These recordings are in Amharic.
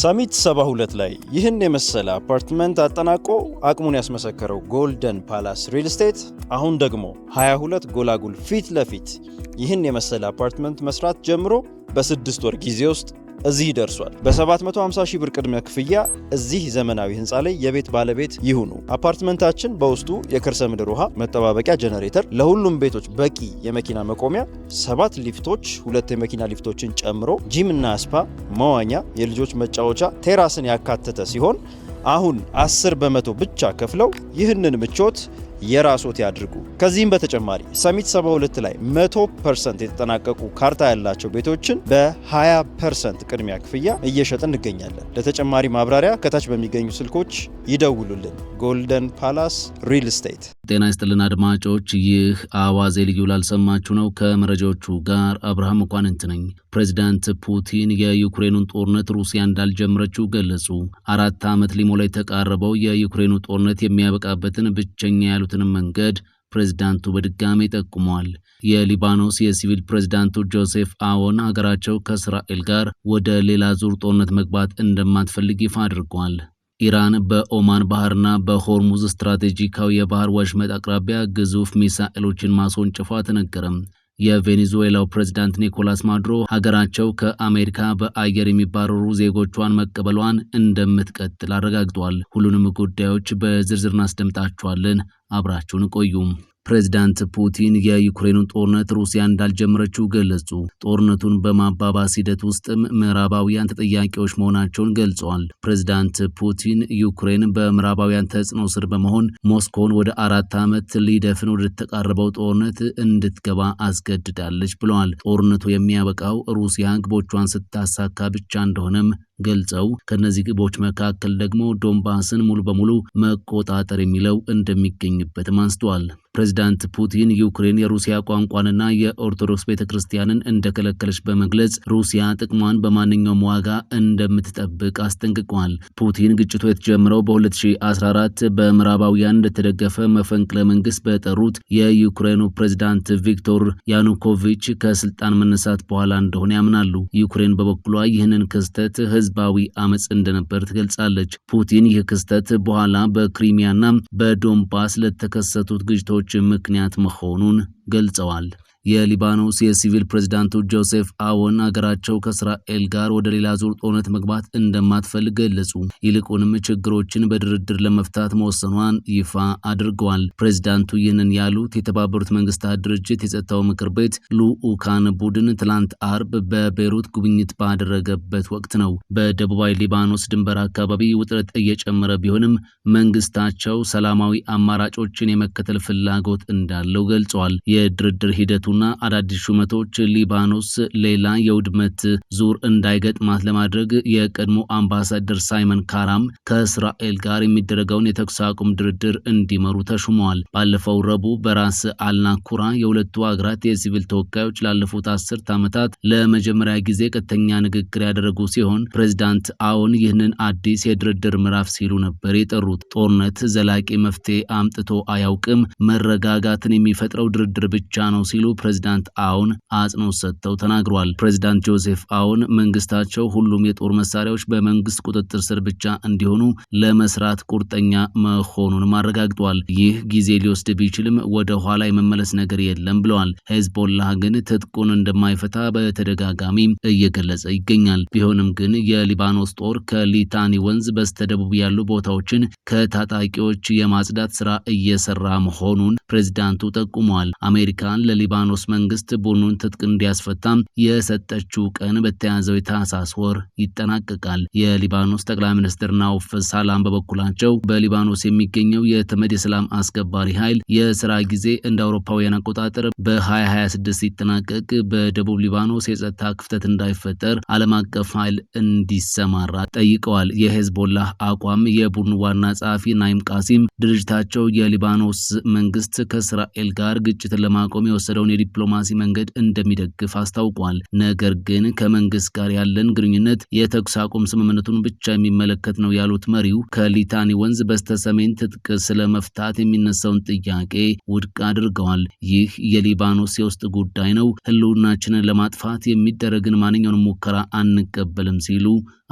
ሰሚት 72 ላይ ይህን የመሰለ አፓርትመንት አጠናቆ አቅሙን ያስመሰከረው ጎልደን ፓላስ ሪል ስቴት አሁን ደግሞ 22 ጎላጉል ፊት ለፊት ይህን የመሰለ አፓርትመንት መስራት ጀምሮ በስድስት ወር ጊዜ ውስጥ እዚህ ደርሷል። በ750 ሺህ ብር ቅድሚያ ክፍያ እዚህ ዘመናዊ ህንፃ ላይ የቤት ባለቤት ይሁኑ። አፓርትመንታችን በውስጡ የከርሰ ምድር ውሃ መጠባበቂያ፣ ጀነሬተር፣ ለሁሉም ቤቶች በቂ የመኪና መቆሚያ፣ ሰባት ሊፍቶች፣ ሁለት የመኪና ሊፍቶችን ጨምሮ ጂም እና ስፓ፣ መዋኛ፣ የልጆች መጫወቻ፣ ቴራስን ያካተተ ሲሆን አሁን 10 በመቶ ብቻ ከፍለው ይህንን ምቾት የራስዎት ያድርጉ። ከዚህም በተጨማሪ ሰሚት 72 ላይ 100 የተጠናቀቁ ካርታ ያላቸው ቤቶችን በ20 ቅድሚያ ክፍያ እየሸጥ እንገኛለን። ለተጨማሪ ማብራሪያ ከታች በሚገኙ ስልኮች ይደውሉልን። ጎልደን ፓላስ ሪል ስቴት ጤና ይስጥልን አድማጮች፣ ይህ አዋዜ ልዩ ላልሰማችሁ ነው። ከመረጃዎቹ ጋር አብርሃም እንኳንንት ነኝ። ፕሬዚዳንት ፑቲን የዩክሬኑን ጦርነት ሩሲያ እንዳልጀምረችው ገለጹ። አራት ዓመት ሊሞላ የተቃረበው የዩክሬኑ ጦርነት የሚያበቃበትን ብቸኛ ያሉትንም መንገድ ፕሬዚዳንቱ በድጋሜ ጠቁመዋል። የሊባኖስ የሲቪል ፕሬዚዳንቱ ጆሴፍ አዎን ሀገራቸው ከእስራኤል ጋር ወደ ሌላ ዙር ጦርነት መግባት እንደማትፈልግ ይፋ አድርጓል። ኢራን በኦማን ባህርና በሆርሙዝ ስትራቴጂካዊ የባህር ወሽመጥ አቅራቢያ ግዙፍ ሚሳኤሎችን ማስወንጨፏ ተነገረም። የቬኔዙዌላው ፕሬዝዳንት ኒኮላስ ማዱሮ ሀገራቸው ከአሜሪካ በአየር የሚባረሩ ዜጎቿን መቀበሏን እንደምትቀጥል አረጋግጧል። ሁሉንም ጉዳዮች በዝርዝር እናስደምጣችኋለን። አብራችሁን ቆዩም። ፕሬዚዳንት ፑቲን የዩክሬኑን ጦርነት ሩሲያ እንዳልጀመረችው ገለጹ። ጦርነቱን በማባባስ ሂደት ውስጥም ምዕራባውያን ተጠያቂዎች መሆናቸውን ገልጸዋል። ፕሬዚዳንት ፑቲን ዩክሬን በምዕራባውያን ተጽዕኖ ስር በመሆን ሞስኮውን ወደ አራት ዓመት ሊደፍን ወደተቃረበው ጦርነት እንድትገባ አስገድዳለች ብለዋል። ጦርነቱ የሚያበቃው ሩሲያ ግቦቿን ስታሳካ ብቻ እንደሆነም ገልጸው ከነዚህ ግቦች መካከል ደግሞ ዶንባስን ሙሉ በሙሉ መቆጣጠር የሚለው እንደሚገኝበትም አንስተዋል። ፕሬዚዳንት ፑቲን ዩክሬን የሩሲያ ቋንቋንና የኦርቶዶክስ ቤተ ክርስቲያንን እንደከለከለች በመግለጽ ሩሲያ ጥቅሟን በማንኛውም ዋጋ እንደምትጠብቅ አስጠንቅቋል። ፑቲን ግጭቱ የተጀምረው በ2014 በምዕራባውያን እንደተደገፈ መፈንቅለ መንግስት በጠሩት የዩክሬኑ ፕሬዚዳንት ቪክቶር ያኑኮቪች ከስልጣን መነሳት በኋላ እንደሆነ ያምናሉ። ዩክሬን በበኩሏ ይህንን ክስተት ህዝባዊ አመፅ እንደነበር ትገልጻለች። ፑቲን ይህ ክስተት በኋላ በክሪሚያና በዶንባስ ለተከሰቱት ግጭቶች ምክንያት መሆኑን ገልጸዋል። የሊባኖስ የሲቪል ፕሬዚዳንቱ ጆሴፍ አዎን አገራቸው ከእስራኤል ጋር ወደ ሌላ ዙር ጦርነት መግባት እንደማትፈልግ ገለጹ። ይልቁንም ችግሮችን በድርድር ለመፍታት መወሰኗን ይፋ አድርገዋል። ፕሬዚዳንቱ ይህንን ያሉት የተባበሩት መንግስታት ድርጅት የጸጥታው ምክር ቤት ልዑካን ቡድን ትላንት አርብ በቤይሩት ጉብኝት ባደረገበት ወቅት ነው። በደቡባዊ ሊባኖስ ድንበር አካባቢ ውጥረት እየጨመረ ቢሆንም መንግስታቸው ሰላማዊ አማራጮችን የመከተል ፍላጎት እንዳለው ገልጿል። የድርድር ሂደቱ ሀገሪቱና አዳዲስ ሹመቶች ሊባኖስ ሌላ የውድመት ዙር እንዳይገጥማት ለማድረግ የቀድሞ አምባሳደር ሳይመን ካራም ከእስራኤል ጋር የሚደረገውን የተኩስ አቁም ድርድር እንዲመሩ ተሹመዋል። ባለፈው ረቡዕ በራስ አልናኩራ የሁለቱ ሀገራት የሲቪል ተወካዮች ላለፉት አስርት ዓመታት ለመጀመሪያ ጊዜ ቀጥተኛ ንግግር ያደረጉ ሲሆን ፕሬዚዳንት አዎን ይህንን አዲስ የድርድር ምዕራፍ ሲሉ ነበር የጠሩት። ጦርነት ዘላቂ መፍትሄ አምጥቶ አያውቅም፣ መረጋጋትን የሚፈጥረው ድርድር ብቻ ነው ሲሉ ፕሬዚዳንት አውን አጽንኦት ሰጥተው ተናግሯል። ፕሬዚዳንት ጆሴፍ አውን መንግስታቸው ሁሉም የጦር መሳሪያዎች በመንግስት ቁጥጥር ስር ብቻ እንዲሆኑ ለመስራት ቁርጠኛ መሆኑንም አረጋግጧል። ይህ ጊዜ ሊወስድ ቢችልም ወደ ኋላ የመመለስ ነገር የለም ብለዋል። ሄዝቦላህ ግን ትጥቁን እንደማይፈታ በተደጋጋሚ እየገለጸ ይገኛል። ቢሆንም ግን የሊባኖስ ጦር ከሊታኒ ወንዝ በስተደቡብ ያሉ ቦታዎችን ከታጣቂዎች የማጽዳት ስራ እየሰራ መሆኑን ፕሬዚዳንቱ ጠቁመዋል። አሜሪካን ለሊባኖስ መንግስት ቡድኑን ትጥቅ እንዲያስፈታም የሰጠችው ቀን በተያዘው የታህሳስ ወር ይጠናቀቃል። የሊባኖስ ጠቅላይ ሚኒስትር ናውፍ ሳላም በበኩላቸው በሊባኖስ የሚገኘው የተመድ የሰላም አስከባሪ ኃይል የስራ ጊዜ እንደ አውሮፓውያን አቆጣጠር በ2026 ሲጠናቀቅ በደቡብ ሊባኖስ የጸጥታ ክፍተት እንዳይፈጠር ዓለም አቀፍ ኃይል እንዲሰማራ ጠይቀዋል። የሄዝቦላ አቋም የቡድኑ ዋና ጸሐፊ ናይም ቃሲም ድርጅታቸው የሊባኖስ መንግስት ከእስራኤል ጋር ግጭትን ለማቆም የወሰደውን የዲፕሎማሲ መንገድ እንደሚደግፍ አስታውቋል። ነገር ግን ከመንግስት ጋር ያለን ግንኙነት የተኩስ አቁም ስምምነቱን ብቻ የሚመለከት ነው ያሉት መሪው ከሊታኒ ወንዝ በስተሰሜን ትጥቅ ስለመፍታት የሚነሳውን ጥያቄ ውድቅ አድርገዋል። ይህ የሊባኖስ የውስጥ ጉዳይ ነው፣ ህልውናችንን ለማጥፋት የሚደረግን ማንኛውንም ሙከራ አንቀበልም ሲሉ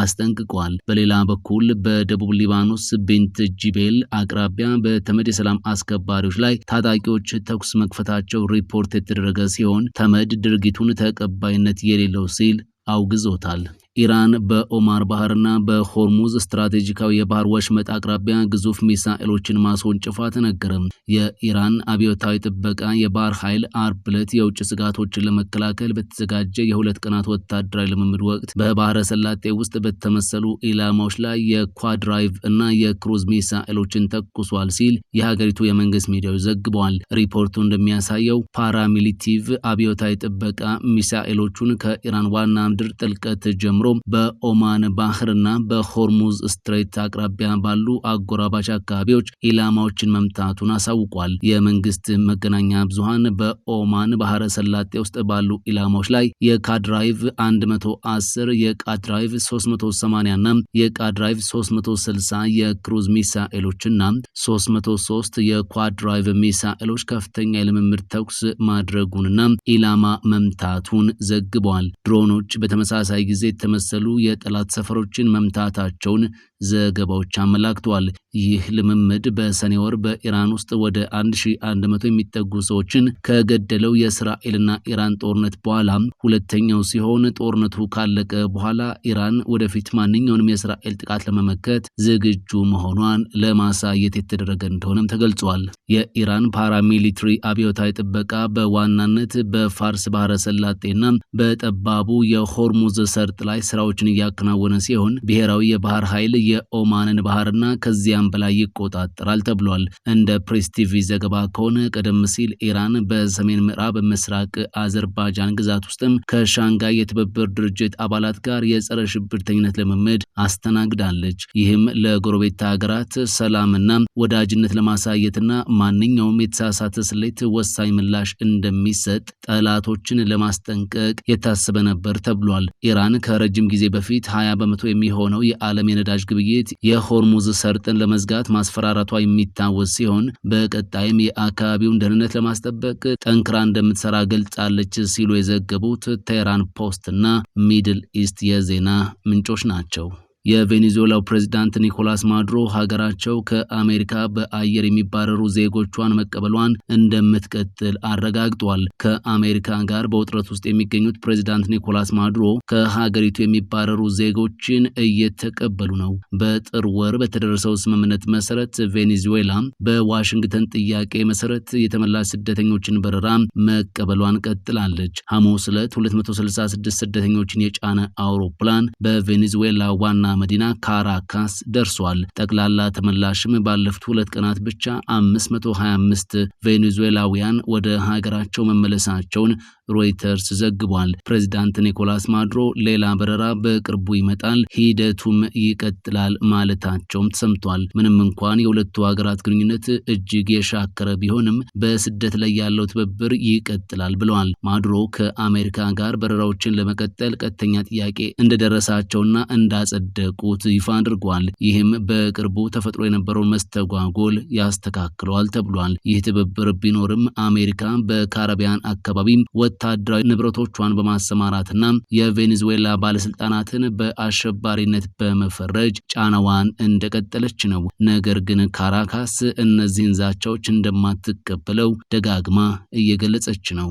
አስጠንቅቋል። በሌላ በኩል በደቡብ ሊባኖስ ቤንት ጂቤል አቅራቢያ በተመድ የሰላም አስከባሪዎች ላይ ታጣቂዎች ተኩስ መክፈታቸው ሪፖርት የተደረገ ሲሆን ተመድ ድርጊቱን ተቀባይነት የሌለው ሲል አውግዞታል። ኢራን በኦማር ባህርና በሆርሙዝ ስትራቴጂካዊ የባህር ወሽመጥ አቅራቢያ ግዙፍ ሚሳኤሎችን ማስወንጭፏ ተነገረ። የኢራን አብዮታዊ ጥበቃ የባህር ኃይል አርብ ዕለት የውጭ ስጋቶችን ለመከላከል በተዘጋጀ የሁለት ቀናት ወታደራዊ ልምምድ ወቅት በባህረ ሰላጤ ውስጥ በተመሰሉ ኢላማዎች ላይ የኳድራይቭ እና የክሩዝ ሚሳኤሎችን ተኩሷል ሲል የሀገሪቱ የመንግስት ሚዲያዎች ዘግበዋል። ሪፖርቱ እንደሚያሳየው ፓራሚሊቲቭ አብዮታዊ ጥበቃ ሚሳኤሎቹን ከኢራን ዋና ምድር ጥልቀት ጀምሮ በኦማን ባህርና በሆርሙዝ ስትሬት አቅራቢያ ባሉ አጎራባች አካባቢዎች ኢላማዎችን መምታቱን አሳውቋል። የመንግስት መገናኛ ብዙሃን በኦማን ባህረ ሰላጤ ውስጥ ባሉ ኢላማዎች ላይ የካድራይቭ 110 የቃድራይቭ 380 ና የቃድራይቭ 360 የክሩዝ ሚሳኤሎችና 303 የኳድራይቭ ሚሳኤሎች ከፍተኛ የልምምድ ተኩስ ማድረጉንና ኢላማ መምታቱን ዘግቧል። ድሮኖች በተመሳሳይ ጊዜ የተመሰሉ የጠላት ሰፈሮችን መምታታቸውን ዘገባዎች አመላክተዋል። ይህ ልምምድ በሰኔ ወር በኢራን ውስጥ ወደ 1100 የሚጠጉ ሰዎችን ከገደለው የእስራኤልና ኢራን ጦርነት በኋላ ሁለተኛው ሲሆን ጦርነቱ ካለቀ በኋላ ኢራን ወደፊት ማንኛውንም የእስራኤል ጥቃት ለመመከት ዝግጁ መሆኗን ለማሳየት የተደረገ እንደሆነም ተገልጿል። የኢራን ፓራሚሊትሪ አብዮታዊ ጥበቃ በዋናነት በፋርስ ባህረ ሰላጤና በጠባቡ የሆርሙዝ ሰርጥ ላይ ስራዎችን እያከናወነ ሲሆን ብሔራዊ የባህር ኃይል የኦማንን ባህርና ከዚያ ከዚያም በላይ ይቆጣጠራል ተብሏል። እንደ ፕሬስ ቲቪ ዘገባ ከሆነ ቀደም ሲል ኢራን በሰሜን ምዕራብ ምስራቅ አዘርባጃን ግዛት ውስጥም ከሻንጋይ የትብብር ድርጅት አባላት ጋር የጸረ ሽብርተኝነት ልምምድ አስተናግዳለች። ይህም ለጎረቤት ሀገራት ሰላምና ወዳጅነት ለማሳየትና ማንኛውም የተሳሳተ ስሌት ወሳኝ ምላሽ እንደሚሰጥ ጠላቶችን ለማስጠንቀቅ የታሰበ ነበር ተብሏል። ኢራን ከረጅም ጊዜ በፊት 20 በመቶ የሚሆነው የዓለም የነዳጅ ግብይት የሆርሙዝ ሰርጥን ለመዝጋት ማስፈራራቷ የሚታወስ ሲሆን በቀጣይም የአካባቢውን ደህንነት ለማስጠበቅ ጠንክራ እንደምትሰራ ገልጻለች ሲሉ የዘገቡት ፖስት ፖስትና ሚድል ኢስት የዜና ምንጮች ናቸው። የቬኔዙዌላው ፕሬዝዳንት ኒኮላስ ማዱሮ ሀገራቸው ከአሜሪካ በአየር የሚባረሩ ዜጎቿን መቀበሏን እንደምትቀጥል አረጋግጧል። ከአሜሪካ ጋር በውጥረት ውስጥ የሚገኙት ፕሬዝዳንት ኒኮላስ ማዱሮ ከሀገሪቱ የሚባረሩ ዜጎችን እየተቀበሉ ነው። በጥር ወር በተደረሰው ስምምነት መሰረት ቬኔዙዌላ በዋሽንግተን ጥያቄ መሰረት የተመላ ስደተኞችን በረራ መቀበሏን ቀጥላለች። ሐሙስ ዕለት 266 ስደተኞችን የጫነ አውሮፕላን በቬኔዙዌላ ዋና መዲና ካራካስ ደርሷል። ጠቅላላ ተመላሽም ባለፉት ሁለት ቀናት ብቻ 525 ቬኔዙዌላውያን ወደ ሀገራቸው መመለሳቸውን ሮይተርስ ዘግቧል። ፕሬዚዳንት ኒኮላስ ማዱሮ ሌላ በረራ በቅርቡ ይመጣል፣ ሂደቱም ይቀጥላል ማለታቸውም ተሰምቷል። ምንም እንኳን የሁለቱ ሀገራት ግንኙነት እጅግ የሻከረ ቢሆንም በስደት ላይ ያለው ትብብር ይቀጥላል ብለዋል። ማድሮ ከአሜሪካ ጋር በረራዎችን ለመቀጠል ቀጥተኛ ጥያቄ እንደደረሳቸውና እንዳጸደ እንዳጸደቁት ይፋ አድርጓል። ይህም በቅርቡ ተፈጥሮ የነበረውን መስተጓጎል ያስተካክለዋል ተብሏል። ይህ ትብብር ቢኖርም አሜሪካ በካረቢያን አካባቢ ወታደራዊ ንብረቶቿን በማሰማራትና የቬኔዙዌላ ባለስልጣናትን በአሸባሪነት በመፈረጅ ጫናዋን እንደቀጠለች ነው። ነገር ግን ካራካስ እነዚህን ዛቻዎች እንደማትቀበለው ደጋግማ እየገለጸች ነው።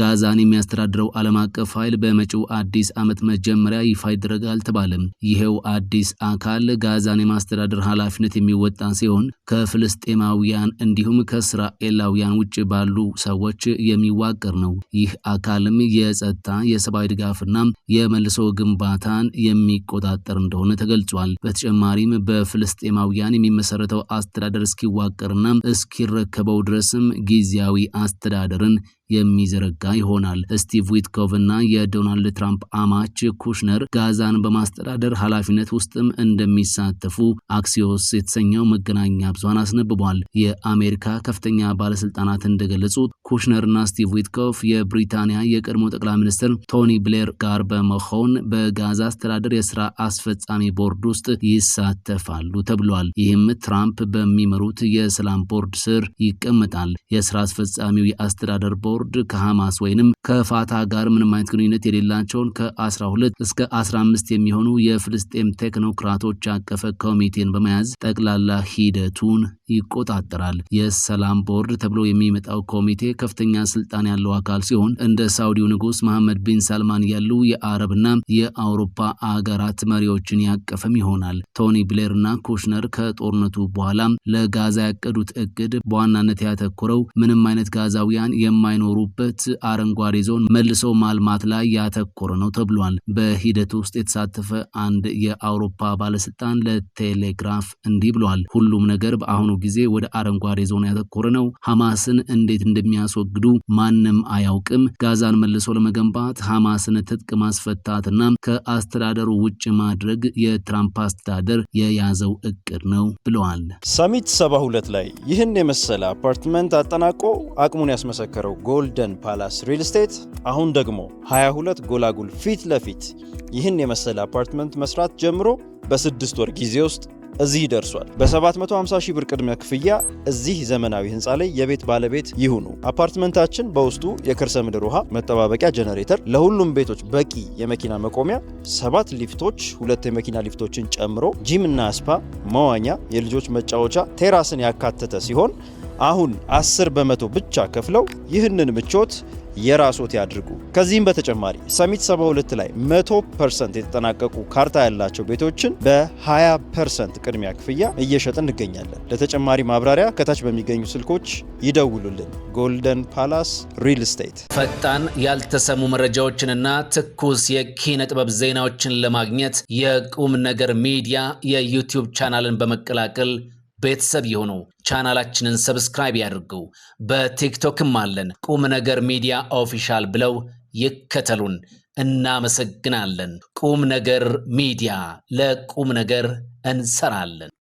ጋዛን የሚያስተዳድረው ዓለም አቀፍ ኃይል በመጪው አዲስ ዓመት መጀመሪያ ይፋ ይደረጋል ተባለም። ይሄው አዲስ አካል ጋዛን የማስተዳደር ኃላፊነት የሚወጣ ሲሆን ከፍልስጤማውያን እንዲሁም ከእስራኤላውያን ውጭ ባሉ ሰዎች የሚዋቀር ነው። ይህ አካልም የጸጥታ የሰብአዊ ድጋፍና የመልሶ ግንባታን የሚቆጣጠር እንደሆነ ተገልጿል። በተጨማሪም በፍልስጤማውያን የሚመሰረተው አስተዳደር እስኪዋቀርና እስኪረከበው ድረስም ጊዜያዊ አስተዳደርን የሚዘረጋ ይሆናል። ስቲቭ ዊትኮቭ እና የዶናልድ ትራምፕ አማች ኩሽነር ጋዛን በማስተዳደር ኃላፊነት ውስጥም እንደሚሳተፉ አክሲዮስ የተሰኘው መገናኛ ብዙሃን አስነብቧል። የአሜሪካ ከፍተኛ ባለስልጣናት እንደገለጹት ኩሽነርና ስቲቭ ዊትኮፍ የብሪታንያ የቀድሞ ጠቅላይ ሚኒስትር ቶኒ ብሌር ጋር በመሆን በጋዛ አስተዳደር የስራ አስፈጻሚ ቦርድ ውስጥ ይሳተፋሉ ተብሏል። ይህም ትራምፕ በሚመሩት የሰላም ቦርድ ስር ይቀመጣል። የስራ አስፈጻሚው የአስተዳደር ቦርድ ከሐማስ ወይንም ከፋታ ጋር ምንም አይነት ግንኙነት የሌላቸውን ከ12 እስከ 15 የሚሆኑ የፍልስጤም ቴክኖክራቶች ያቀፈ ኮሚቴን በመያዝ ጠቅላላ ሂደቱን ይቆጣጠራል። የሰላም ቦርድ ተብሎ የሚመጣው ኮሚቴ ከፍተኛ ስልጣን ያለው አካል ሲሆን እንደ ሳውዲው ንጉስ መሐመድ ቢን ሳልማን ያሉ የአረብና የአውሮፓ አገራት መሪዎችን ያቀፈም ይሆናል። ቶኒ ብሌርና ኩሽነር ከጦርነቱ በኋላ ለጋዛ ያቀዱት እቅድ በዋናነት ያተኮረው ምንም አይነት ጋዛውያን የማይኖሩበት አረንጓዴ ዞን መልሶ ማልማት ላይ ያተኮረ ነው ተብሏል። በሂደት ውስጥ የተሳተፈ አንድ የአውሮፓ ባለስልጣን ለቴሌግራፍ እንዲህ ብሏል። ሁሉም ነገር በአሁኑ ጊዜ ወደ አረንጓዴ ዞን ያተኮረ ነው። ሐማስን እንዴት እንደሚያ እንደሚያስወግዱ ማንም አያውቅም። ጋዛን መልሶ ለመገንባት ሐማስን ትጥቅ ማስፈታትና ከአስተዳደሩ ውጭ ማድረግ የትራምፕ አስተዳደር የያዘው እቅድ ነው ብለዋል። ሰሚት 72 ላይ ይህን የመሰለ አፓርትመንት አጠናቆ አቅሙን ያስመሰከረው ጎልደን ፓላስ ሪል ስቴት አሁን ደግሞ 22 ጎላጉል ፊት ለፊት ይህን የመሰለ አፓርትመንት መስራት ጀምሮ በስድስት ወር ጊዜ ውስጥ እዚህ ደርሷል በ በ750 ሺህ ብር ቅድመ ክፍያ እዚህ ዘመናዊ ህንፃ ላይ የቤት ባለቤት ይሁኑ። አፓርትመንታችን በውስጡ የከርሰ ምድር ውሃ፣ መጠባበቂያ፣ ጀነሬተር፣ ለሁሉም ቤቶች በቂ የመኪና መቆሚያ፣ ሰባት ሊፍቶች፣ ሁለት የመኪና ሊፍቶችን ጨምሮ ጂም እና ስፓ፣ መዋኛ፣ የልጆች መጫወቻ፣ ቴራስን ያካተተ ሲሆን አሁን 10 በመቶ ብቻ ከፍለው ይህንን ምቾት የራስዎት ያድርጉ። ከዚህም በተጨማሪ ሰሚት 72 ላይ 100% የተጠናቀቁ ካርታ ያላቸው ቤቶችን በ20% ቅድሚያ ክፍያ እየሸጥን እንገኛለን። ለተጨማሪ ማብራሪያ ከታች በሚገኙ ስልኮች ይደውሉልን። ጎልደን ፓላስ ሪል ስቴት። ፈጣን ያልተሰሙ መረጃዎችንና ትኩስ የኪነ ጥበብ ዜናዎችን ለማግኘት የቁም ነገር ሚዲያ የዩቲዩብ ቻናልን በመቀላቀል ቤተሰብ የሆኑ ቻናላችንን ሰብስክራይብ ያድርጉ። በቲክቶክም አለን። ቁም ነገር ሚዲያ ኦፊሻል ብለው ይከተሉን። እናመሰግናለን። ቁም ነገር ሚዲያ ለቁም ነገር እንሰራለን።